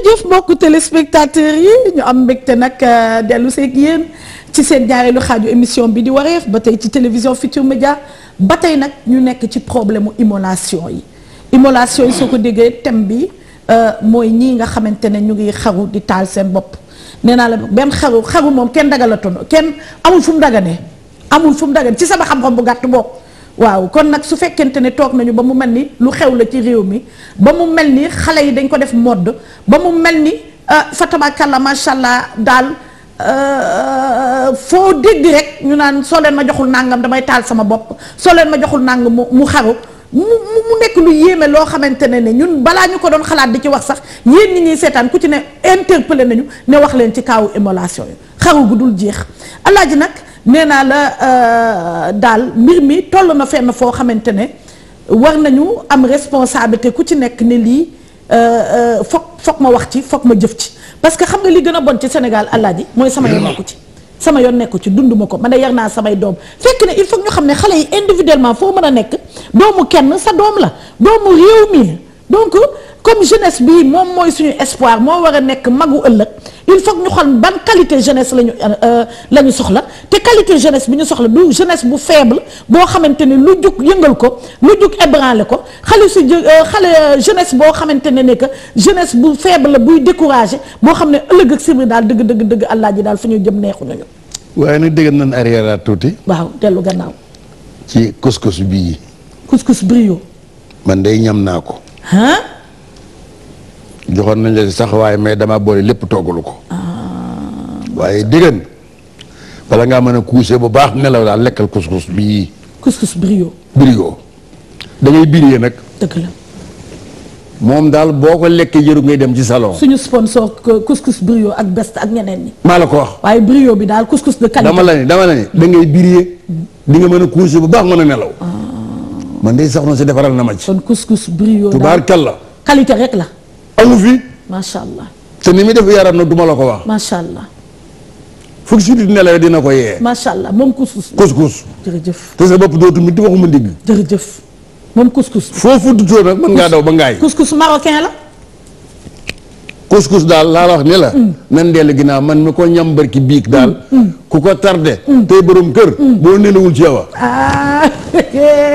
jërëjëf mbokku téléspectateurs yi ñu am mbégte nag euh, dellu seeg yéen ci seen ñaareelu xaaju émission bi di wareef ba tey ci télévision Futurs Médias ba tey nag ñu nekk ci problème mu immolation yi immolation yi soo ko déggee thème bi euh, mooy ñii nga xamante ne ñu ngi xaru di taal seen bopp nee naa la benn xaru xaru moom kenn dagalatoon kenn amul fu mu dagane amul fu mu dagane ci sama xam-xam bu gàtt bokk waaw kon nag su fekkente ne toog nañu ba mu mel ni lu xew la ci réew mi ba mu mel ni xale yi dañ ko def modd ba mu mel ni euh, fa tabakalla macha allah daal euh, euh, foo dégg rek ñu naan soo leen ma joxul nàngam damay taal sama bopp soo ma joxul nàngam mu mu xaru mu mu nekk lu yéeme loo xamante ne ne ñun balaa ñu ko doon xalaat di ci wax sax yéen ñi ñuy seetaan ku ci ne interpellé nañu ne wax leen ci kaawu émolation yi xaru bu dul jeex ji nag nee naa la euh, daal mbir mi toll na fenn foo xamante ne war nañu am responsabilité ku ci nekk ne lii euh, euh, foog foog ma wax ci foog ma jëf ci parce que xam nga li gën a bon ci Sénégal alaaji mooy sama yoon nekku ci sama yoon nekku ci dund ma ko man de yar naa samay doom fekk ne il faut ñu xam ne xale yi individuellement foo mën a nekk doomu kenn sa doom la doomu réew mi donc comme jeunesse bii moom mooy suñu espoir moo war a nekk magu ëllëg il faut que ñu xool ban qualité jeunesse lañu euh, la ñu soxla te qualité jeunesse bi ñu soxla du jeunesse bu faible boo xamante ne lu jug yëngal ko lu jug ébranlé ko xale si euh, xale euh, jeunesse boo xamante ne ne que jeunesse bu faible buy découragé boo xam ne ëllëg ak sibri daal dëgg dëgg dëgg àllaa ji daal fu ñuy jëm neexuñu ñu. waaye nag dégg nañ arrière tuuti. waaw dellu gannaaw. ci couscous bii. couscous brio. man day naa ko. joxoon nañ la sax waaye mais dama boole lépp toggalu ko. waaye dégg bala ngaa mën a coucher bu baax nelaw daal lekkal couscous bii. couscous brio. brio da ngay nag. dëgg daal boo ko lekkee jëru ngay dem ci salon. suñu sponsor euh, couscous brio ak best ak ñeneen maa la ko wax. waaye brio bi daal couscous de qualité. dama la ni dama la ni ngay biree. di nga mën a coucher bu baax mën a nelaw. Ah. man de sax na si defaral na ma ci. kon couscous brio la tubaarkalla. rek la. amu fi. macha allah te ni muy def yaram na duma la ko wax. macha allah. foog si di nelaw dina ko yee. macha allah moom couscous. couscous jërëjëf. te sa bopp dootu mi di waxuma ndigg. jërëjëf moom couscous. foofu dutoo nag mën ngaa daw ba ngaay. couscous marocain la. couscous daal laa la wax ni mm. nan dellu ginnaaw man mi ko ñam barki biig daal. Mm, mm. ku ko tardé. tey borom kër. boo nelawul ci yow ah,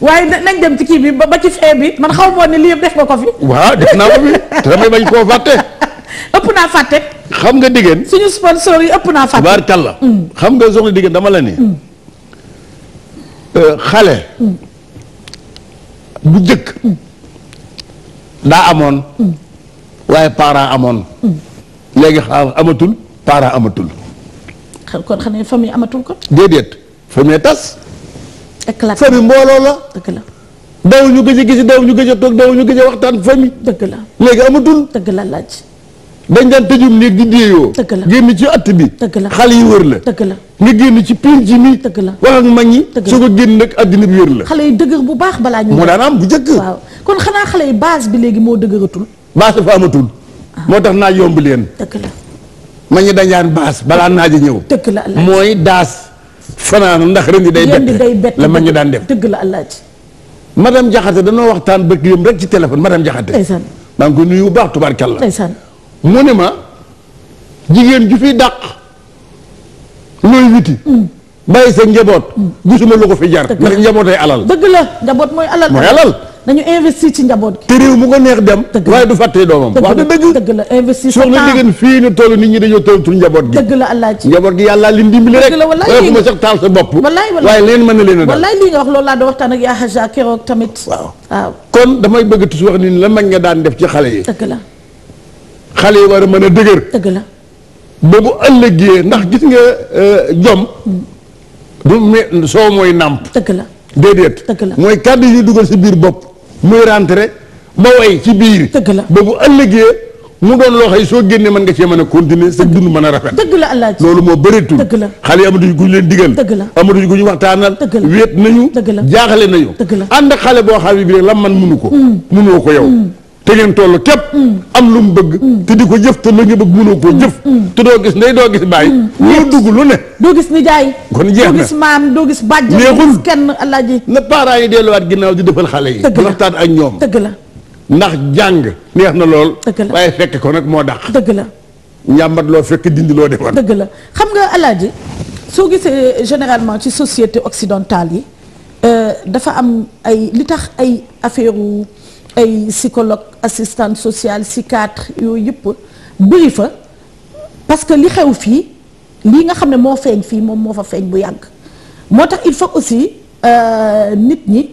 waaye nañ dem ci kii bi ba ci fee bi man xaw moo ne lii yëpp def nga ko fi. waaw def naa ko te damay bañ koo fàtte. ëpp naa fàtte. xam nga diggéen suñu sponsor yi ëpp naa fàtte. baar mm. xam nga soxna diggéen dama la ni. Mm. Euh, xale. Mm. bu jëkk. daa amoon. waaye parent amoon. léegi xaar amatul parent amatul. kon xam ne famille ko. déedéet famille tas. éclat famille mbooloo la. dëgg la daw ñu gëj a gis daw ñu gëj a toog daw ñu gëj a waxtaan famille. dëgg la léegi amatul. dëgg la laaj. dañ daan tëjum néeg di déeyoo. la génn ci att bi. dëgg la xale yi wër la. dëgg la nga génn ci pénc mi. dëgg la wax ak mag ñi. dëgg soo ko génn nag àddina bi wër la. xale yi dëgër bu baax balaa ñu. moo daan am bu njëkk. kon xanaa xale yi base bi léegi moo dëgëratul. base dafa amatul. Ah. moo tax naa yomb leen. dëgg la. mag ñi dañaan baas balaa naaj a ñëw. dëgg mooy daas. fanaanu ndax ren di day bett la mag ñi daan def dëgg la allaaj madame Diakhaté danoo waxtaan bëgg yëm rek ci téléphone madame Diakhaté maa ngi ko nuyu bu baax tubaarkàlla mu ne ma jigéen ju fi dàq looy witi mm. bàyyi sa njaboot mm. gisuma lu ko fi jar ndax njaboot ay alal dëgg la njaboot mooy alal mooy alal nañu investir ci njaboot gi. te réew mu ko neex dem. waaye du fàtte doomam. wax dëgg dëgg la investir sa temps soxna Ndieguene fii ñu toll nit ñi dañoo tollu njaboot gi. dëgg la alaaji njaboot gi yàlla li ndimbali rek. dëgg la walaay léegi ma sax waaye leen mën na leen a. kon damay bëgg tuuti la mag nga daan def ci xale yi. dëgg la. xale yi war a mën a dëgër. dëgg la. ba bu ëllëgee ndax gis nga euh, jom. Mm. du me soo mooy nàmp. dëgg la déedéet. dëgg la mooy kàddu yi dugal si biir bopp muy rentré ba way ci biir. dëgg la ba bu ëllëgee mu doon loo xëy soo génnee mën nga cee mën a continuer sa dund mën a rafet. dëgg la Alaaji loolu moo bëreetul. dëgg la xale yi amatuñ ku ñu leen digal. dëgg la amatuñ ku ñu waxtaanal. dëgg la wéet nañu. dëgg la jaaxale nañu. dëgg la ànd ak xale boo xam ne bii rek la man mënu ko. mënoo mm. ko yow. Mm. te ngeen toll képp am lu mu bëgg te di ko jëf te la nga bëgg mënoo koo jëf te doo gis ndey doo gis bàyyi mm. loo dugg lu ne doo gis nijaay kon jeex na doo gis maam doo gis bàjjan neexul gis kenn alaaji na parents yi delluwaat ginnaaw di defal xale yi di waxtaan ak ñoom dëgg la ndax jàng neex na lool waaye fekk ko nag moo dàq dëgg la njàmbat loo fekk dindi loo defoon dëgg la xam nga alaaji soo gisee généralement ci société occidentale yi euh, dafa am ay li tax ay affaire ay psychologue assistante social psychiatre yooyu yëpp bëri fa parce que li xew fii lii nga xam ne moo feeñ fii moom moo fa feeñ bu yàgg moo tax il faut aussi euh, nit ñi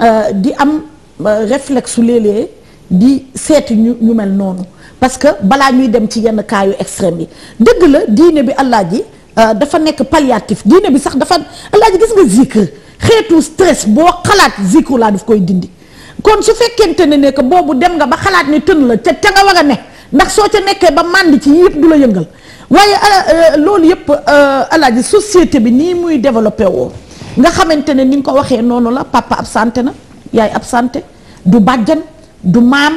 euh, di am euh, réflexe su di seeti ñu ñu mel noonu parce que balaa ñuy dem ci yenn cas extrême yi dëgg la diine bi allah ji dafa nekk palliatif diine bi sax dafa allah ji gis nga zikr xeetu stress boo xalaat zikr laa daf koy dindi kon su fekkente ne ne que boobu dem nga ba xalaat ne tën la ca ca nga war a ne ndax soo ca nekkee ba mànd ci yëpp du la yëngal waaye euh, euh, loolu yëpp euh, alaaji société bi nii muy développé woo nga xamante ne ni nga ko waxee noonu la papa absenté na yaay absenté du bàjjan du maam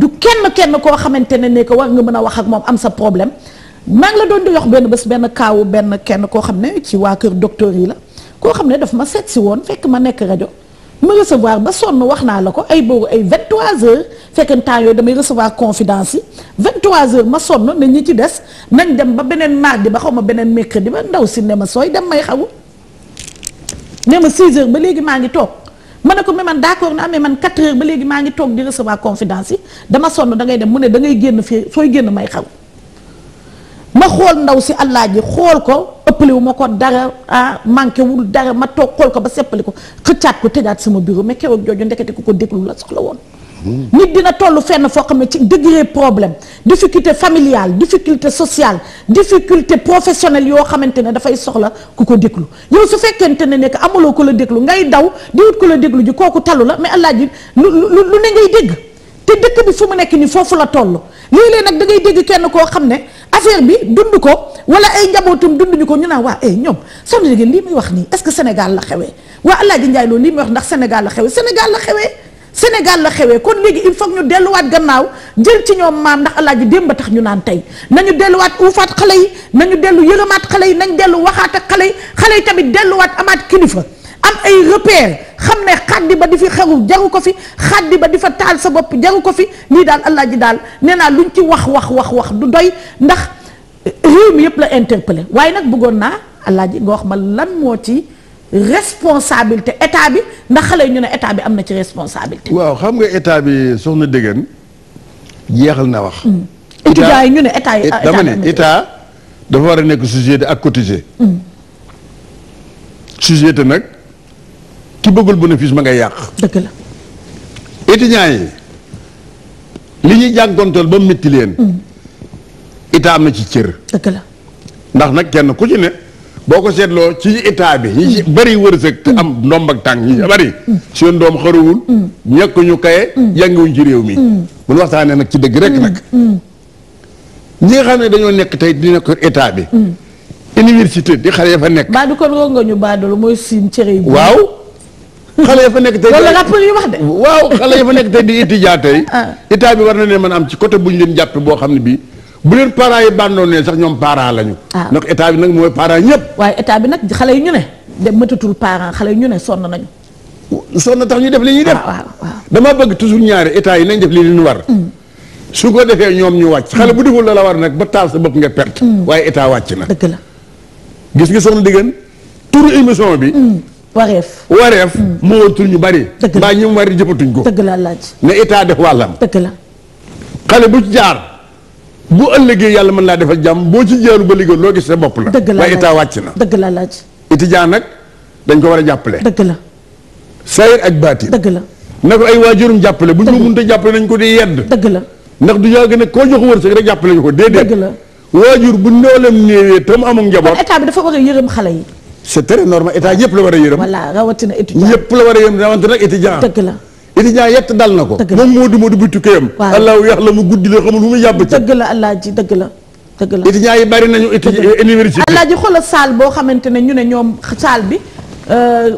du kenn kenn koo xamante ne ne que war nga mën a wax ak moom am sa problème maa ngi la doon di yox benn bés benn kaawu benn kenn koo xam ne ci waa kër docteur yi la koo xam ne daf ma seet si woon fekk ma nekk rajo ma recevoir ba sonn wax naa la ko ay boobu ay 23h fekk temps yooyu damay recevoir confidence yi 23h ma sonn ne ñi ci des nañ dem ba beneen mardi ba xaw ma beneen mercredi ba ndaw si ne ma sooy dem may xaw ne ma 6h ba léegi maa ngi toog ma ne ko mais man d'accord na amee man 4h ba léegi maa ngi toog di recevoir confidence yi dama sonn da ngay dem mu ne da ngay génn fii sooy génn may xaw ma xool ndaw si allah ji xool ko ëppalewu ma ko dara ah manqué wul dara ma toog xool ko ba seppali ko xëccaat ko tëjaat sama bureau mais keroog jooju ndekete ku ko déglu la soxla woon. nit dina toll fenn foo xam ne ci degré problème difficulté familiale difficulté sociale difficulté professionnelle yoo xamante ne dafay soxla ku ko déglu yow su fekkente ne nekk amuloo ko la déglu ngay daw di wut ko la déglu ji kooku talu la mais allah ji lu lu lu ne ngay dégg te dëkk bi fu mu nekk nii foofu la toll léeg-léeg nag ngay dégg kenn koo xam ne. affaire bi dund ko wala ay njabootum dunduñu ko ñu naan waa eh ñoom soxna Ndege lii muy wax nii est-ce que Sénégal la xewee waa El Hadj Ndiaye loolu lii muy wax ndax Sénégal la xewee Sénégal la xewee Sénégal la xewee kon léegi il faut ñu delluwaat gannaaw jël ci ñoom maam ndax alaaji démb tax ñu naan tey ñu delluwaat uufaat xale yi nañu dellu yërëmaat xale yi nañ dellu waxaat ak xale yi xale yi tamit delluwaat amaat kilifa ay repère xam ne xaddi ba di fi xewu jaru ko fi xaddi ba di fa taal sa bopp jaru ko fi lii daal allah ji daal nee naa luñ ci wax wax wax wax du doy ndax réew mi yëpp la interpellé waaye nag bëggoon naa allah ji nga wax ma lan moo ci responsabilité état bi ndax xale ñu ne état bi am na ci responsabilité. waaw xam nga état bi soxna Dégane jeexal na wax. Mm. étudiants yi ñu ne état yi dama ne état dafa war a nekk société ak cotiser. Mm. société nag. ki bëggul bénéfice ma ngay yàq. dëgg yi li ñuy jànkonteel ba metti leen. Hmm. état am na ci cër. ndax nag kenn ku ci ne boo ko seetloo ci état bi. Hmm. bari ci bëri te hmm. am ndomb ak tànk ñi seen doom xaruwul. ñekk ñu kaye. jàngiwuñ ci réew mi. mun waxtaanee nag ci dëgg rek nag. ñi nga xam ne dañoo nekk tey di nekk état bi. université di xale ya fa nekk. baadu kon nga ñu baadu mooy siin cër yi. waaw. xale ya fa nekk tey loolu la ñu wax de. waaw xale di étudiant tey. Ah. état bi war na leen mën am ci côté bu ñu leen jàpp boo xam ne bii bu leen parents yi bàndoon ne sax ñoom parents lañu. waaw ah. ndax état bi nag mooy parents ñëpp. waaye état bi nag xale yi ñu ne. de mëtatul parents xale yi ñu ne sonn nañu. sonn tax ñu def li ñuy def. dama bëgg toujours ñaari état yi nañ def li leen war. Mm. su ko defee ñoom ñu wàcc. xale bu mm. deful la la war nag ba taal sa bopp nga perte. Mm. waaye état wàcc na. dëgg la. gis nga soxna diggan turu émission bi. wareef wareef moo hmm. watul ñu bari mbaa ñi mu war jëppatuñ ko dëgg la laaj ne état def wàllam dëgg la xale bu ci jaar bu ëllëgee yàlla mën laa defal jàmm boo ci jaaru ba liggéey loo gis sa bopp la dëgg la waaye état wàcc na dëgg la laaj étudiant nag dañ ko war a jàppale dëgg la sayir ak baatin dëgg la na ko ay waajurum jàppale bu ñu ko mënta jàppale nañ ko di yedd dëgg la ndax du ñoo gën a koo jox wërsëg rek jàppale ñu ko déedéet dëgg la waajur bu noolam néewee tam amul njaboot état bi dafa war a xale yi c'est très normal état ñëpp la war a yërëm. voilà rawatina étudiant ñëpp la war a yërëm rawatina nag étudiant. dëgg la étudiant yett dal na ko. dëgg la moom Modou Modou bu tukkeyam. waaw allahu yax la mu guddi la xamul fu mu yàbb ci. dëgg la allah ji dëgg la. dëgg la étudiants yi bari nañu étudiant université. allah ji xoolal saal boo xamante ne ñu ne ñoom saal bi 1000 euh,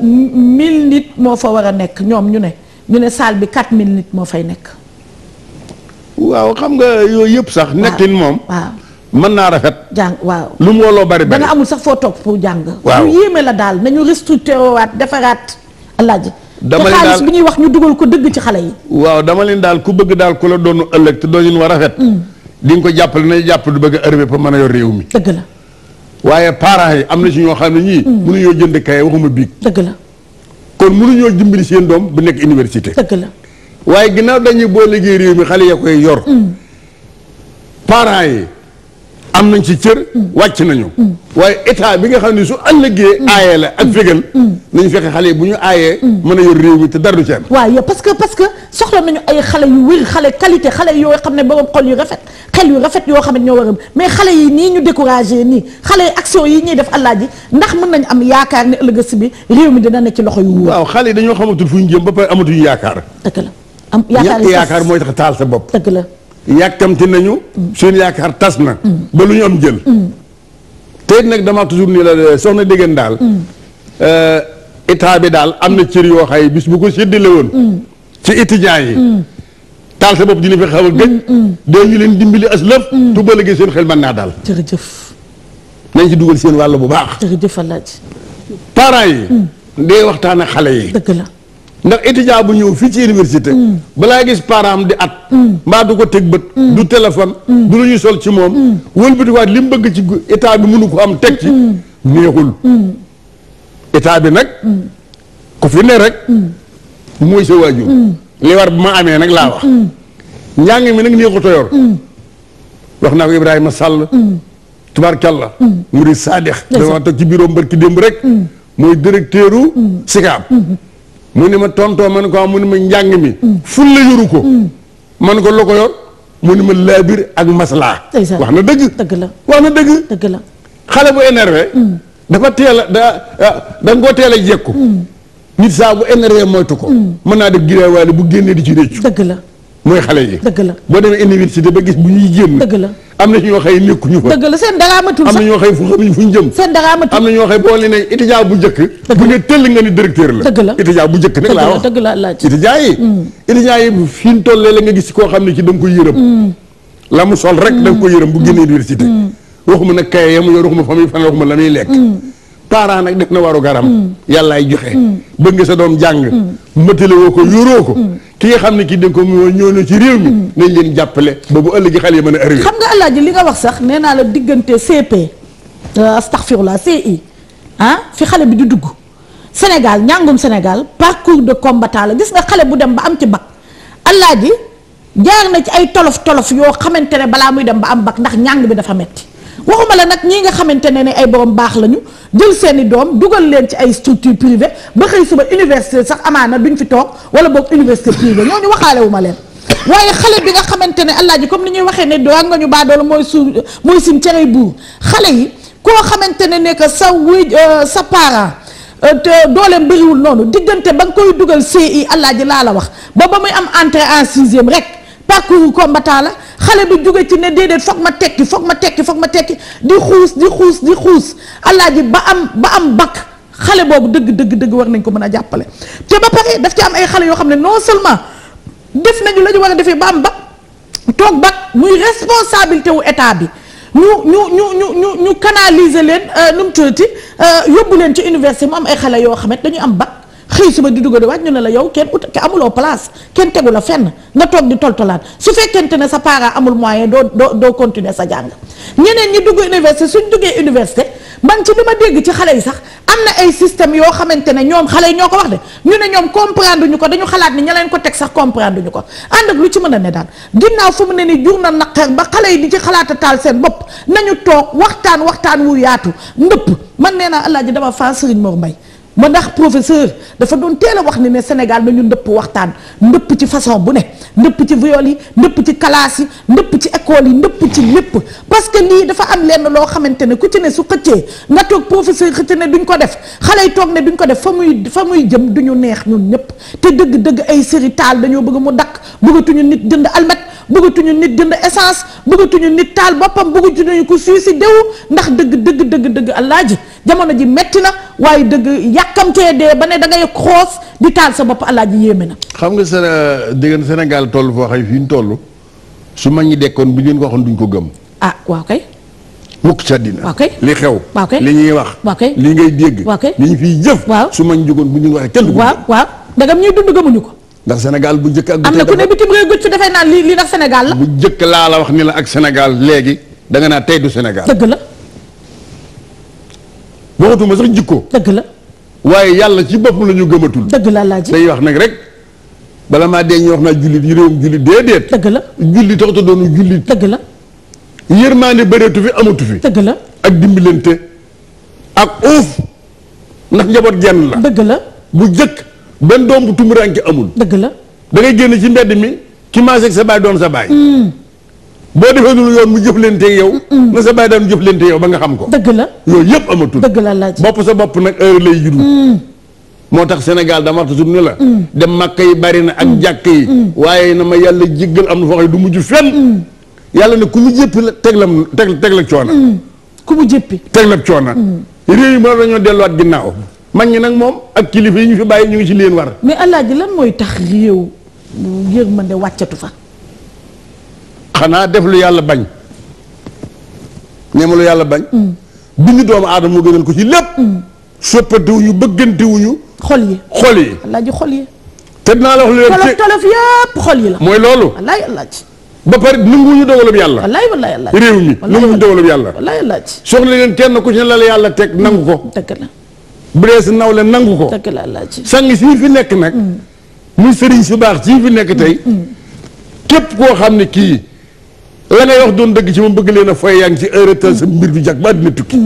nit moo fa war a nekk ñoom ñu ne ñu ne saal bi 4000 nit moo fay nekk. waaw xam nga yooyu yëpp sax. nekkin moom mën naa rafet. jàng waaw lu mu wooloo bari bari. da nga amul sax foo toog pour jàng. waaw lu yéeme la daal nañu restructuré waat defaraat. alaaji dama leen daal xaalis ñuy wax ñu dugal ko dëgg ci xale yi. waaw dama leen daal ku bëgg daal ku la doonu ëllëg te dooñu war rafet. Mm. di nga ko jàppale na jàpp lu bëgg a ërbe pour mën a yor réew mi. dëgg la. waaye parent yi am na si ñoo xam ne ñii. Mm. mënuñoo jënd kaye waxuma biig. dëgg la. kon mënuñoo dimbali seen doom bu nekk université. dëgg la. waaye ginnaaw dañuy boo liggéey réew mi xale ya koy yor. Mm. parents yi am nañ ci cër wàcc nañu waaye état bi nga xam ne su ëllëgee aaye la ak fégal nañ fexe xale yi bu ñu aayee mën a yor réew mi te dara du ci am waaw parce que parce que soxla nañu ay xale yu wér xale qualité xale yoo xam ne borom xol yu rafet xel yu rafet yoo xam ne ñoo war a mais xale yi nii ñu découragé nii xale yi action yi ñuy def allah ji ndax mën nañ am yaakaar ni ëllëg si bi réew mi dina nekk ci loxo yu wóor waaw xale yi dañoo xamatul ñu jëm ba pare amatuñu yaakaar am yaakaar yaakaar mooy tax taal sa bopp dëgg la yàkkamti nañu suñu yaakaar tas na ba lu ñu am jël te nag dama toujours nii la soxna déggéen daal eh, état bi daal am na cër yoo xay bis bu ko séddale woon ci étudiants yi taal sa bopp dina fi xaw a gëj dañu leen dimbali as lëf tubbal gi seen xel man naa daal jërëjëf nañ ci dugal seen wàll bu baax jërëjëf Alaaji parents yi ndee waxtaan ak xale yi ndax étudiant bu ñëw fii ci université. Mm. balaa gis parent di at. Mm. mbaa du ko teg bët. Mm. du téléphone. du lu sol ci moom. wëlbatiwaat li mu bëgg ci état bi mënu ko am teg ci. neexul. état bi nag. ku fi ne rek. mooy sa waajur. li war bu ma amee nag laa wax. njàng mi nag neexut a wax naa ko Ibrahima Sall. tubaarkàlla. murid saadix. dama toog ci bureau mbër ki démb rek. mooy directeur u Sikaab. Mm-hmm. mu ni ma tontoo man am mu ni ma njàng mi mm. ful la yoru ko mm. man ko lu ko yor mu ni ma laabir ak maslaa wax na dëgg dëgg la wax na dëgg dëgg la xale bu énervé mm. dafa teel a da da nga koo teel a jekku nit saa bu énervé moytu ko mën naa def giraay waale bu génnee di ci réccu la mooy xale yi. dëgg la boo demee université ba gis bu ñuy génn. am na ñoo xëy nekkuñu fa. dëgg la seen dara sax am na ñoo xëy fu xamuñ fuñ jëm. seen am na ñoo xëy boo leen ne étudiant bu njëkk. bu ne tëll nga ni directeur la. dëgg la étudiant bu njëkk nag laa wax dëgg la laaj. étudiant yi. Hmm. étudiant la nga gis koo xam ne ci da nga ko yërëm. Hmm. la mu sol rek da nga ko yërëm bu hmm. génn université. waxuma nag kaye ya mu yor waxuma famille fan waxuma la muy lekk parent nag def na waru garam mm. yàlla ay joxe mm. bëgg nga sa doom jàng matale mm. woo ko yoroo ko ki nga xam ne kii danga ko moo ñëw na ci réew mi nañ leen jàppale ba bu ëllëgi xale yi mën a arrivé xam nga alaaji li nga wax sax nee naa la diggante CP euh, astaghfirullah CI ah fi xale bi di dugg Sénégal njàngum Sénégal parcours de combattant la gis nga xale bu dem ba am ci bac alaaji jaar na ci ay tolof tolof yoo xamante ne balaa muy dem ba am bac ndax njàng bi dafa metti waxuma la nag ñii nga xamante ne ne ay borom baax lañu jël seeni doom dugal leen ci ay structure privée ba xëy suba université sax amaana duñ fi toog wala boog université privée ñooñu waxaale wu ma leen waaye xale bi nga xamante ne allah ji comme ni ñuy waxee ne doon nga ñu baadoolu mooy suuf mooy sin cere buur xale yi koo xamante ne ne que sa wuy euh, sa parent euh, te dooleem bëriwul noonu diggante ba nga koy dugal CI allah ji laa la wax ba ba muy am entrée en sixième rek parcours combattant la xale bu jóge ci ne déedéet foog ma tekki foog ma tekki foog ma tekki di xuus di xuus di xuus alaaji ba am ba am bakk xale boobu dëgg dëgg dëgg war nañ ko mën a jàppale te ba pare daf ci am ay xale yoo xam ne non seulement def nañu lañu ñu war a defee ba am bakk toog bakk muy responsabilité wu état bi ñu ñu ñu ñu ñu ñu canaliser leen euh, nu mu tuddati euh, yóbbu leen ci université mu am ay xale yoo xam ne dañu am bakk xëy suba di dugg di wàcc ñu ne la yow kenn ut amuloo place kenn tegu la fenn nga toog di toltolaat su fekkente ne sa parent amul moyen doo doo doo continuer sa jàng ñeneen ñi dugg université suñ duggee université man ci li ma dégg ci xale yi sax am na ay système yoo xamante ne ñoom xale yi ñoo ko wax de ñu ne ñoom comprendre ñu ko dañu xalaat ni ña leen ko teg sax comprendre ñu ko ànd ak lu ci mën a ne daal ginnaaw fu mu ne ni jur na naqar ba xale yi di ci xalaat a seen bopp nañu toog waxtaan waxtaan wu yaatu ndëpp man nee naa Alaaji dama faa Sëriñ Mor Mbay ma ndax professeur dafa doon teel a wax ni ne Sénégal na nañu ndëpp waxtaan ndëpp ci façon bu ne ndëpp ci viol yi ndëpp ci classe yi ndëpp ci école yi ndëpp ci lëpp parce que lii dafa am lenn loo xamante ne ku ci ne su xëccee nga toog professeur xëcc ne duñ ko def xale yi toog ne duñ ko def fa muy fa muy jëm duñu neex ñun ñëpp te dëgg-dëgg ay série taal dañoo bëgg mu dakk bëggatuñu nit jënd almet bëggatuñu nit jënd essence bëggatuñu nit taal boppam bëggatuñu ko suicide wu ndax dëgg dëgg dëgg dëgg ji jamono ji metti na waaye dëgg yàkkamtee dee ba ne da ngay xoos di taal sa bopp alaaji yéeme na. xam nga sa dégg Sénégal toll foo xam fi ñu toll su ma ñi dekkoon bu ñu ko waxoon duñ ko gëm. ah waaw kay. mukk ci àddina li xew. waaw kay li ñuy wax. waaw li ngay jégg waaw li ñu fiy jëf. waa su ma ñu jógoon bu ñu waxee kenn du waa waaw waaw ndegam ñuy dund gëmuñu ko. ndax Sénégal bu njëkk ak. am na naan li li ndax Sénégal la. bu njëkk laa la wax ni la ak Sénégal léegi danga naa tey du Sénégal. dëgg la. waxatuma sax jikko. dëgg la. waaye yàlla ci boppam la ñu gëmatul. dëgg la laaj wax nag rek bala maa dee ñu wax naa jullit julli taxut a doonu jullit. dëgg la. yërmaande bëreetu fi amatu fi. dëgg la ak dimbalante ak uuf ndax njaboot genn la. dëgg la bu jëkk benn doom bu tumuranke amul. dëgg la dangay ngay génn ci mbedd mi ki maase sa baay doon sa baay. Hmm. boo defee lu yoon mu jëflanteeg yow. Hmm. na sa baay daan jëflanteeg yow ba nga xam ko. dëgg la yooyu yëpp amatul. dëgg la laaj bopp sa bopp nag heure lay juddu. Hmm. moo tax Sénégal dama wax toujours la. dem màkk yi bari na ak jàkk yi. waaye na ma yàlla jéggal am na foo du mujj fenn. yàlla ne ku mu jëppi la teg la teg teg la coona. ku mu jëppi. teg la coona. réew yi mën nañoo delluwaat ginnaaw. mag ñi nag moom ak kilifa yi ñu fi bàyyi ñu ngi ci leen war. mais alaaji lan mooy tax réew de wàccetu fa. xanaa def lu yàlla bañ. ñeema lu yàlla bañ. Mm. bind doomu aadama mu gënal ko ci lépp. Mm. soppantewuñu bëggantewuñu. xol yi xol yi. alaaji xol yi. te naa la leen tolof tolof yëpp xol yi la. mooy loolu. alaay alaaji. ba pare nanguwuñu dogalub yàlla. wallaay wallaay alaaji réew mi nanguwuñu dogalub yàlla. wallaay alaaji. soxla leen kenn ku ci lal yàlla teg nangu ko. dëgg la. bu dee sa nawle nangu ko. dëgg la laaj sang sii fi nekk nag. Mm. mu sëriñ su baax sii fi nekk tey. Mm. Mm. képp koo xam ne kii la ngay wax doon dëgg ci moom bëgg leen a fooy yaa ci heure sa mbir du jag ba àddina tukki.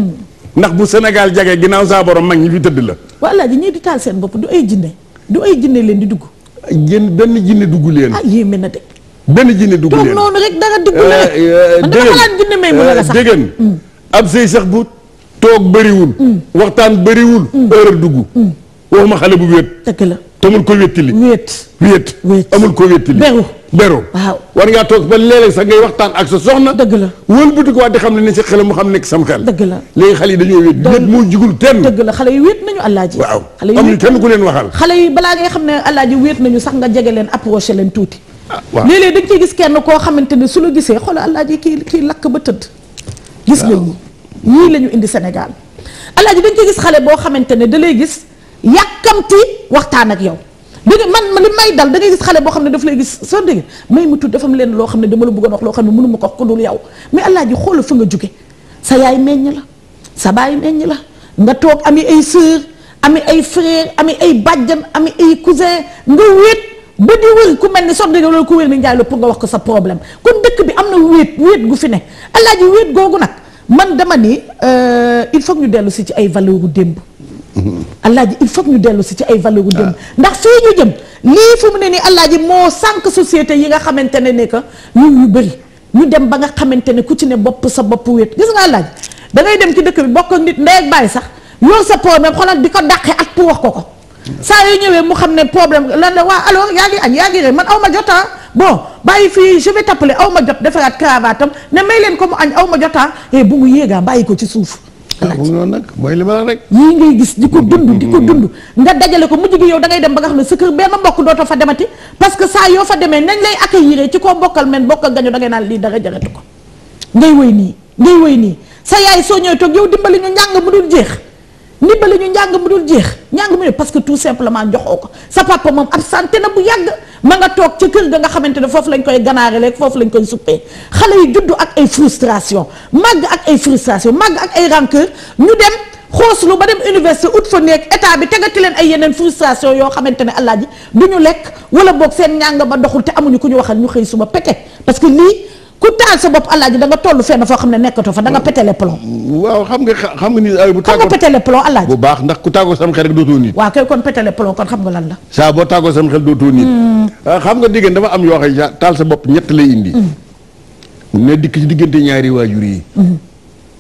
ndax bu Sénégal jagee ginnaaw saa borom mag ñi fi tëdd la. waa voilà ñii di taal seen bopp du ay jinne du ay jinne leen di dugg. jën benn jinne dugg leen. ah yéeme na de. benn jinne dugg leen toog rek dara dugg leen. Eh, eh, dégg man dama xalaat jinne may mën a la sax eh, dégg ab sëy sax bu toog bëriwul. Mm. waxtaan bëriwul. Mm. heure dugg. Mm. waxuma xale bu wéet. dëgg la te amul ko wéttili. wéet wéet. wéet amul ko wéttili. beru beru. waaw war ngaa toog ba léeg-léeg sax ngay waxtaan ak sa soxna. dëgg la wëlbati ko waat xam ne ne si xelam mu xam nekk sam xel. dëgg la léegi xale yi dañoo wéet. wéet moo jigul kenn. dëgg la xale yi wéet nañu àllaaji. waaw amul kenn ku leen waxal. xale yi balaa ngay xam ne àllaaji wéet nañu sax nga jege leen approché leen tuuti. ah waaw léeg-léeg dañ ciy gis kenn koo xamante ne su la gisee xoolal àllaaji kii kii lakk ba tëdd gis nga yii la ñu indi Sénégal alaaji dañ ci gis xale boo xamante ne da lay gis yàkkamti waxtaan ak yow danga man li may dal da gis xale boo xam ne daf lay gis soo dégg may mu tudd dafa am leen loo xam ne dama la bëggoon wax loo xam ne mënu ma ko wax ku dul yow mais alaaji xoola fa nga jóge sa yaay meññ sa baay meññ la nga toog ami ay sœur ami ay frère ami ay bàjjan ami ay cousin nga wéet ba di wër ku mel ni soxna loolu ku wér pour nga wax ko sa problème kon dëkk bi am na wéet wéet gu fi ne alaaji wéet googu nag man dama ni euh, il faut ñu dellu si ci ay valeur u démb mm-hmm. alaaji il faut ñu dellu si ci ay valeur u ah. ndax fii ñu jëm lii fu mu ne nii alaaji moo sànq société yi nga xamante ne ne que ñun yu bëri ñu dem ba nga xamante ne ku ci ne bopp sa bopp wéet gis nga alaaji da ngay dem ci dëkk bi bokk nit ndey ak bàyyi sax yor sa problème xoolal di ko dàqe ak pour wax ko ko saa yu ñëwee mu xam ne problème lan la waa alors yaa ngi añ yaa ngi rek man aw ma jot ah. bon bàyyi fii je vais t'appeler aw ma jot defaraat cravate am ne may leen ko mu añ aw ma jot a ah. eh, bu mu yéegaa bàyyi ko ci suuf. Ah, mu noonu nag mooy ma la rek. yii ngay gis di ko dund di ko dund mm-hmm. nga dajale ko mujj gi yow da ngay dem ba nga xam ne sa kër benn mbokk dootoo fa demati parce que saa yoo fa demee nañ lay accueillir ci koo bokkal men bokk gañu da ngay naan lii dara jaratu ko ngay wëy nii ngay wëy nii sa yaay soo ñëwee toog yow dimbali ñu njàng mu dul jeex ndimbali ñu njàng mu dul jeex njàng mu ne parce que tout simplement joxoo ko sa papa moom absenté na bu yàgg ma nga toog ca kër ga nga xamante ne foofu lañ koy ganaare rek foofu lañ koy suppee xale yi juddu ak ay frustration màgg ak ay frustration màgg ak ay rancœur ñu dem xooslu ba dem université ut fa nekk état bi te tegati leen ay yeneen frustration yoo xamante ne alaaji du ñu lekk wala boog seen njàng ba doxul te amuñu ku ñu waxal ñu xëy suba pete parce ku taal sa bopp alaaji da nga toll fenn foo xam ne nekkatoo fa da nga pété les plombs. waaw xam nga xam nga ni ay bu tàggoo xam nga pété les plombs bu baax ndax ku tàggoo sam xel rek dootoo nit. waaw kay kon pété les plombs kon xam nga lan la. saa boo tàggoo sam xel dootoo nit. Hmm. Ah, xam nga diggante dafa am yoo xam ne taal sa bopp ñett lay indi. Hmm. ne dikk ci diggante ñaari waajur yi. Hmm.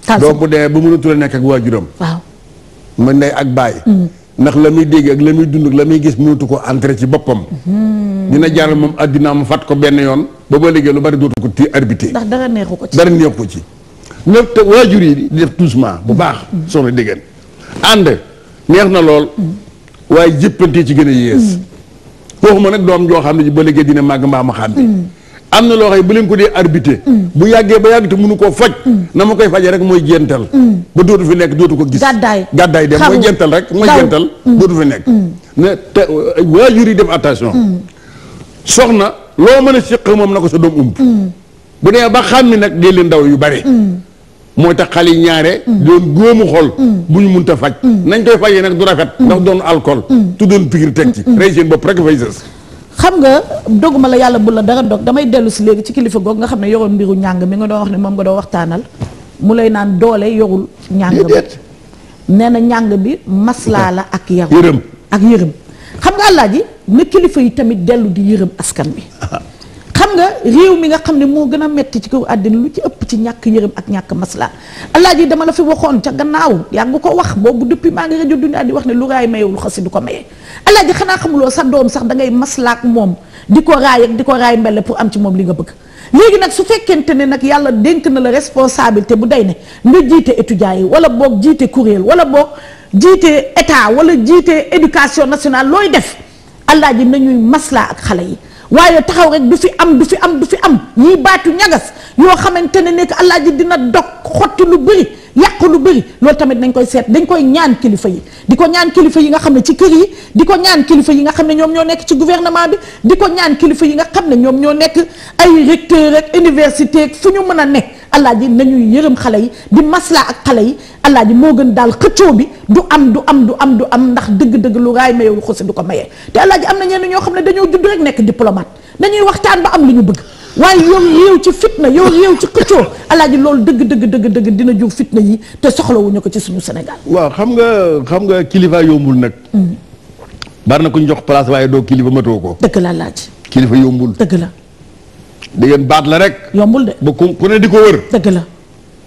taal sa bopp donc bu demee ba a nekk ak waajuram. waaw mën nay ak bàyyi. ndax la muy dégg ak la muy dund ak la muy gis mënatu ko entrer ci boppam. Hmm. dina jaar moom àddina mu fat ko benn yoon. ba ba léegi lu bari dootu ko ti arbité. ndax dara neexu ko ci dara neexu ci. lépp te waajur yi di def doucement bu baax. Hmm. Hmm. soxna dégg ànd neex na lool. waaye jëppante ci gën a yées. ma nag doom joo xam ne ba léegi dina màgg mbaa ma xam am na loo xam bu leen ko dee arbité bu yàggee ba yàgg te mënu koo faj na ma koy fajee rek mooy jental ba dootu fi nekk dootu ko gis gàddaay gàddaay dem mooy jental rek mooy jental mm. dootu fi nekk mm. ne te euh, waajur yi def attention mm. soxna loo mën a séq moom na ko sa doomu ump bu dee ba xam ni nag dee ndaw yu bari mooy tax xal yi ñaare doon góomu xol bu ñu mun te faj nañ koy fajee nag du rafet ndax doon alcool tu doon piqûre teg ci rey seen bopp rek fay sës xam nga doguma la yàlla bu la dara dog damay dellu si léegi ci kilifa goog nga xam ne yoroon mbiru ñàng mi nga doon wax ne moom nga doon waxtaanal mu lay naan doole yorul ñàng bi nee na ñàng bi maslaa la ak yaru ak yërëm xam nga àllaaji na kilifa yi tamit dellu di yërëm askan bi nga réew mi nga xam ne moo gën a metti ci kaw àddina lu ci ëpp ci ñàkk yërëm ak ñàkk masla allah ji dama la fi waxoon ca gannaaw yaa ngi ko wax boobu depuis maa ngi rajo dunya di wax ne lu raay mayewul xasi du ko maye allah ji xanaa xamuloo sa doom sax dangay ngay maslaak moom di ko raay ak di ko raay mbelle pour am ci moom li nga bëgg léegi nag su fekkente ne nag yàlla dénk na la responsabilité bu day ne nga jiite étudiants yi wala boog jiite kuréel wala boog jiite état wala jiite éducation nationale looy def allah ji nañuy maslaa ak xale yi waaye taxaw rek du fi am du fi am du fi am ñiy baatu ñagas yoo xamante ne nekk alaaji dina dog xotti lu bëri yàq lu bëri loolu tamit dañ koy seet dañ koy ñaan kilifa yi di ko ñaan kilifa yi nga xam ne ci kër yi di ko ñaan kilifa yi nga xam ne ñoom ñoo nekk ci gouvernement bi di ko ñaan kilifa yi nga xam ne ñoom ñoo nekk ay recteur ak université ak fu ñu mën a nekk alaaji nañuy yërëm xale yi di maslaa ak xale yi alaaji moo gën daal xëccoo bi du am du am du am du am ndax dëgg-dëgg lu raay maye wu xusi du ko mayee te alaaji am na ñenn ñoo xam ne dañoo judd rek nekk diplomate dañuy waxtaan ba am li ñu bëgg waaye yow réew ci fitna yow réew ci xëccoo alaaji loolu dëgg dëgg dëgg dina jur fitna yi te soxlawuñu ko ci suñu senegal waaw xam nga xam nga kilifa yombul nag. Mm. bari na ku jox place waaye doo kilifa matoo ko. dëgg la alaaji. kilifa yombul dëgg la. dangeen baat la rek. yombul de. ba ku ne di ko wër. dëgg la.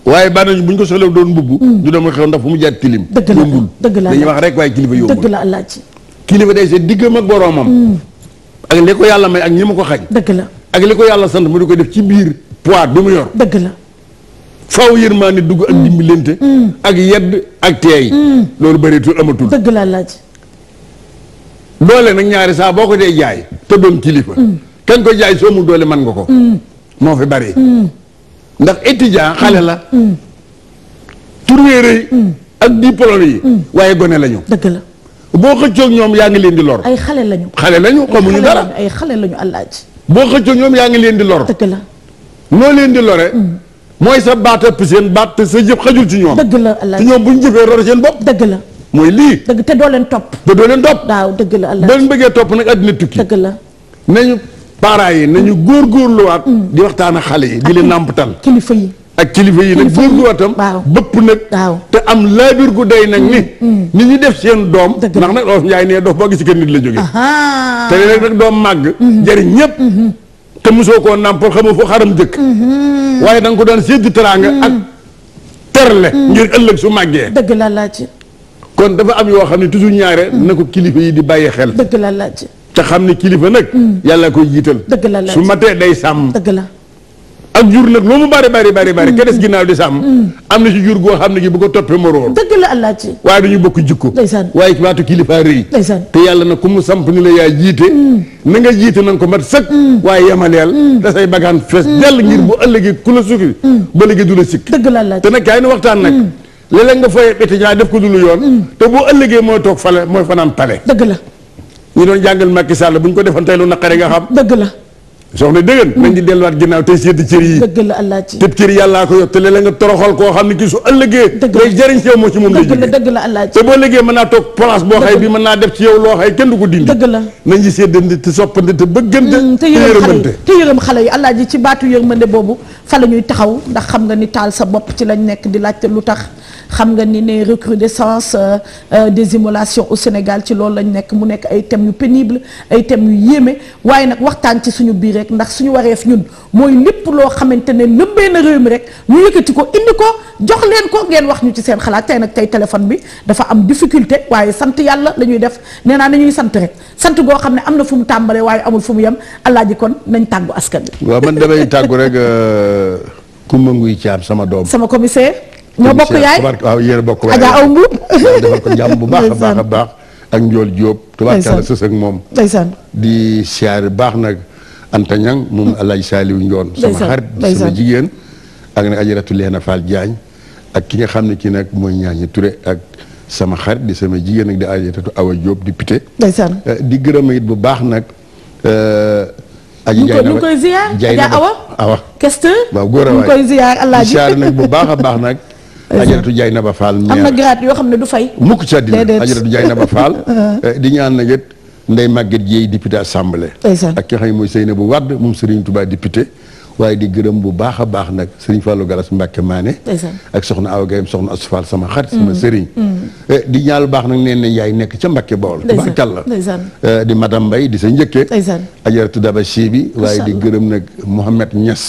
waaye bari nañu bu ñu ko soxlawee doon mbubb. du mm. dem xew ndax fu mu jaat tilim. dëgg la yombul dañuy wax rek waaye kilifa yombul dëgg la alaaji. kilifa day seen diggam ak boroomam. Mm. ak li ko yàlla may ak ñi ma ko xañ. dëgg la ak li ko yàlla sant mu di ko def ci biir poids bi mu yor. dëgg la. faaw yërmaande dugg ak dimbalante. Mm. Mm. ak yedd ak teey. Mm. loolu bëreetul amatul. dëgg la laaj. doole nag ñaari saa boo ko dee jaay. te doon kilifa. kañ ko jaay soo mu doole mën nga ko. moo fi bari. ndax étudiant xale la. tournée yi. ak diplôme yi. waaye gone lañu. dëgg la. boo xëccoog ñoom yaa ngi leen di lor. ay xale lañu. xale lañu xamuñu dara ay xale lañu ay xale lañu àllaaji boo xëccoo ñoom yaa ngi leen di lor. dëgg la noo leen di lore. Mm. mooy sa baat ëpp seen baat te sa jëf xajul ci ñoom. dëgg la Allah ci ñoom bu ñu jëfee lor seen bopp. dëgg la mooy lii. dëgg te doo leen topp. te doo leen topp. waaw dëgg la Allah ba ñu bëggee topp nag àddina tukki. dëgg la nañu parents yi nañu mm. góorgóorluwaat. Mm. di waxtaan a xale yi di leen nàmpatal kilifa yi ak kilifa yi nag góorgóor tam bëpp nag te am laabir gu day nag ni mm, mm. nit ñi def seen doom ndax nag olof njaay nee dof boo gis kër la jóge doom màgg mm-hmm. jariñ ñépp mm-hmm. te mosoo koo nàmpal xamoo foo xaram dëkk mm-hmm. waaye da ko daan séddi teraanga mm. ak terle ngir ëllëg su màggee dëgg la laaj kon dafa am yoo xam ne toujours ñaare na ko kilifa yi di bàyyi xel dëgg la laaj te xam ne kilifa nag yàlla koy jiital dëgg la laaj su matee day sàmm dëgg la ak jur nag loo mu bari bari bari bari mm. ka des ginnaaw di sàmm mm. am na ci jur goo xam ne gi bu ko toppee moroom dëgg la allah ci waaye dañu bokk jikko ndeysaan waaye baatu kilifa rëy te yàlla na ku mu samp ni la yaa jiite mm. na nga jiite na ko mat sëkk waaye yamaleel da say bagaan fees dell ngir bu ëllëgee ku la sukki ba léegi du la sikk dëgg la allah te nag kaay ni waxtaan nag léeg-léeg nga fooyee étudiant def ko du lu yoon te boo ëllëgee mooy toog fale mooy fanaan pale dëgg la ñu jàngal Macky Sall bu ñu ko defan tey lu naqare nga xam dëgg la soxna dëggan mm. nañ di delluwaat ginnaaw tey seeti cër yi dëgg cër yàllaa ko yor te léeg nga toroxal koo xam ne kii su ëllëgee lay jëriñ dëgg la allah ci te boo liggéey mën naa toog place boo xay bi mën naa def ci yow loo xay kenn du ko dindi dëgg la nañ di seddante te soppante te bëggante mm, te yërëmante te yërëm xale yi allah ji ci baatu yërmande boobu fa la ñuy taxaw ndax xam nga ni taal sa bopp ci lañ nekk di laajte lu tax xam nga ni ne recrudescence euh, euh, des immolations au Sénégal ci loolu lañ nekk mu nekk ay thèmes yu pénible ay thèmes yu yéeme waaye nag waxtaan ci suñu biir rek ndax suñu wareef ñun mooy lépp loo xamante ne lëmbee na réew mi rek ñu yëkkati ko indi ko jox leen ko ngeen wax ñu ci seen xalaat tey nag tey téléphone bi dafa am difficulté waaye sant yàlla la ñuy def nee naa nañuy sant rek sant goo xam ne am na fu mu tàmbalee waaye amul fu mu yem alaaji kon nañ tàggu askan Kumba Nguy Thiam sama doom. sama commissaire. ñoo bokk yaay waaw yéen bokk waaye Adja ko jàmm bu baax a baax a baax. ak Njool Diop. tubaarkàlla sës ak moom. ndeysaan di siyaare baax nag. Anta Ñang moom El Hadj Saliou Ndion. sama xarit sama jigéen. ak nag ajaratu a Fall jaañ ak ki nga xam ne kii nag mooy ñaañi Touré ak sama xarit di sama jigéen ak di ajaratu Awa Diop député. ndeysaan eh, di gërëm it bu baax nag. Eh, aji jaay na ñu koy ziar waaw góor a waay ñu koy nag bu baax a baax nag ajaratu jaay na ba faal am yoo xam ne du fay mukk ci àddina ajaratu jaay na ba faal eh, di ñaan nag it Ndeye Maguette Dieye député assemblée ak ki nga xam ne mooy Seynabou Wade moom Serigne Touba député waaye di gërëm bu baax a baax nag sëriñ Fallou Garas Mbacke maane ak soxna Awa Gaye soxna Asou sama xarit. sama mm. sëriñ. Mm. Eh, di ñaalu baax nag nee na yaay nekk ca Mbacke Bawol. tubaarkàlla eh, di madame Mbaye di sa njëkke. ajaratu daba si bi. waaye di gërëm nag Mouhamed ñas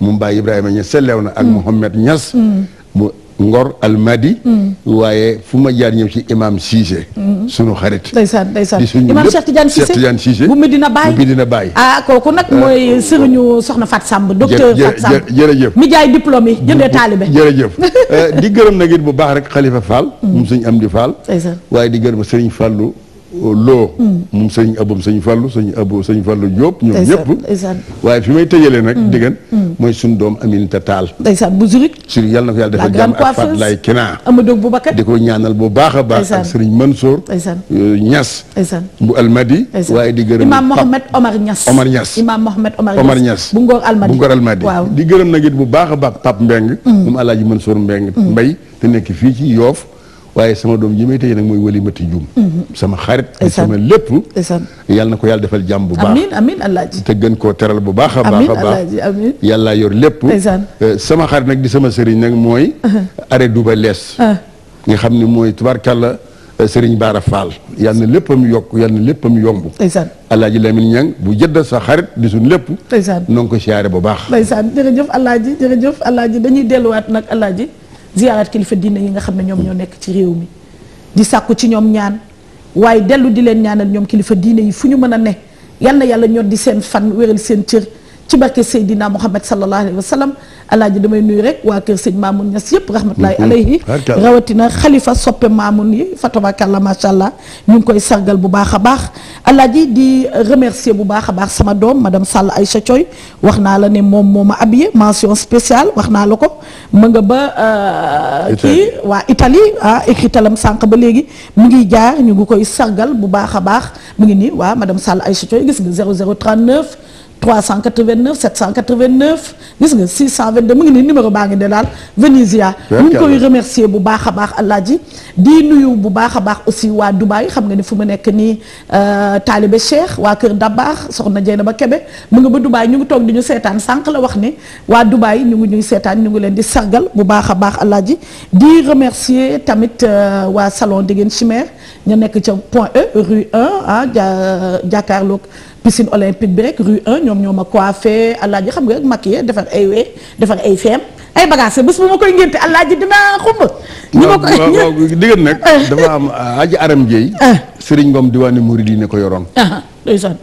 mu mm. Mbaye Ibrahima Niass sellew na ak Mouhamed Niass. Ngor Almadi. Mm. waaye fu ma jaar ñëw ci imam Cissé. Mm. sunu xarit. ndeysaan ndeysaan imam Cheikh Tidiane Cissé Cheikh Tidiane Cissé bu Medina Baye bu Medina Baye. ah kooku nag euh, mooy sëriñu soxna Fat Samb. docteur Fat Samb jërëjëf mi jaay diplôme yi jëndee taalibe. jërëjëf euh, di gërëm nag it bu baax rek xalifa Fall. mu mm. sëñ Amdi Fall. waaye di gërëm sëriñ Fallou. loo hmm. moom sëñ abam sëñ fàllu sëñ abo sëñ fàllu Diop ñoom ñëpp waaye fi may tëjalee nag hmm. diggan hmm. mooy suñ doom Aminata Tall ndeysaan bu Zurich Zurich yàlla na ko yàlla defal jàmm ak Fatou Laye Kena Amadou Boubacar di ko ñaanal bu baax a baax ak sëriñ Mansour euh, Niass bu Almadi waaye di gërëm Imam Mohamed Omar Niass Omar Niass Imam Mohamed Omar Niass bu Ngor Almadi bu Ngor Almadi di gërëm nag it bu baax a baax Pape Mbeng moom Alaaji Mansour Mbeng Mbay te nekk fii ci Yoof waaye sama doom ji may tëye nag mooy wali mati juum mhm. sama xarit sama lépp yàlla na ko yàlla defal jàmm bu baax amiin amiin te gën koo teral bu baax a baax a baax yàlla yor lépp euh, sama xarit nag di sama sëriñ nag mooy uh-huh. arrêt duba lees uh-huh. nga xam ni mooy tubaarkàlla euh, sëriñ Baara Fall yal na léppam yokk yal na léppam yomb ndeysaan alaaji Lamine Niang bu jëdda sa xarit di suñ lépp ndeysaan noo ngi ko siyaare bu baax ndeysaan jërëjëf alaaji jërëjëf alaaji dañuy delluwaat nag ji ziyaaraat kilifa diine yi nga xam ne ñoom ñoo nekk ci réew mi di sàkku ci ñoom ñaan waaye dellu di leen ñaanal ñoom kilifa diine yi fu ñu mën a ne yal yàlla ñor di seen fan wéral seen cër ci barke Seydina Mouhamed sallallahu alayhi wa sallam alaaji damay nuyu rek waa kër sëñ Mamoun Niass yëpp rahmatullahi mhm. alayhi rawatina xalifa soppe Mamoun yi fatabakallah macha allah ñu ngi koy sargal bu baax a baax alaaji di remercier bu baax a baax sama doom madame Sall Aïcha Thioy wax naa la ne moom moo ma habillé mention spéciale wax naa la ko mu nga ba euh, kii waa Italie ah écritalam sànq ba léegi mu ngi jaar ñu ngi koy sargal bu baax a baax mu ngi nii waa madame Sall Aïcha Thioy gis nga 0039 389 789 gis nga 622 mu ngi nii numéro baa ngi ne daal Venezia ñu ngi koy remercier bu baax a baax Alaaji di nuyu bu baax a baax aussi waa Dubaay xam nga ni fu mu nekk nii euh, taalibe Cheikh waa Kër Dabaax soxna ba Kebe mu nga ba Dubaay ñu ngi toog di ñu seetaan sànq la wax ni waa Dubaay ñu ngi ñuy seetaan ñu ngi leen di sargal bu baax a baax Alaaji di remercier tamit euh, waa salon Déguène Chimère ñu nekk ca Point E rue 1 ah euh, piscine olympique bi rek rue 1 ñoom ñoo ma coiffé alaaji xam nga rek maquillé defar ay we defar ay feem ay bagages bés bu ma koy ngénte alaaji dinaa xumb. ñu ma ko diggan nag eh. dafa am ah, aji aram Dieye. Eh. Serigne Ngom diwaanu Mouride yi ne ko yoroon. Ah, ah, ndeysaan.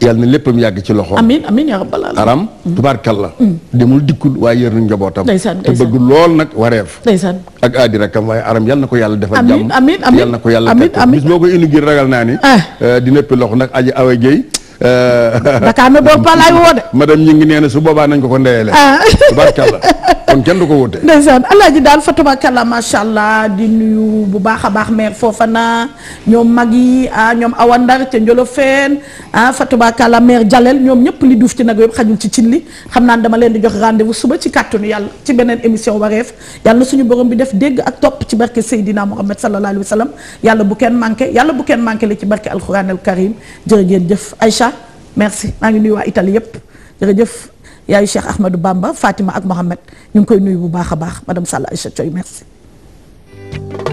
yàlla na léppam yàgg ci loxo. amiin amiin yaa rabbal aalamiin. aram mm. tubaarkalla. Mm. demul dikkul waaye yër na njabootam. ndeysaan te bëgg lool nag wareef. ndeysaan ak aadi rakam waaye aram yal na ko yàlla defal jàmm. amiin amiin na ko yàlla teg bis boo ko indi ragal naa ni. Eh. dina pi loxo nag aj awa Dieye Euh, Dakar na boobu Palaay woo de. madame ñu ngi nee na su boobaa nañ ko ko ndeyale. Ah. kon kenn du ko wute. ndeysaan alaaji daal fa tubaarkalla macha allah di nuyu bu baax a baax maire ñoom mag yi ah ñoom Awa Ndar ca Njolofeen ah fa tubaarkalla maire Jalel ñoom ñëpp li duuf ci nag yëpp xajul ci cin li xam naa dama leen di jox rendez-vous suba ci kàttanu yàlla ci beneen émission wareef yàlla na suñu borom bi def dégg ak topp ci barke Seydina Mohamed sallallahu alayhi wa sallam yàlla bu kenn manqué yàlla bu kenn manqué la ci barke alxuraanal karim jërë ngeen merci maa ngi nuy waa ital yëpp jërëjëf yaayu Cheikh Ahmadou Bamba Fatima ak Mohamed ñu ngi koy nuyu bu baax a baax madame Sall Aïcha Thioy merci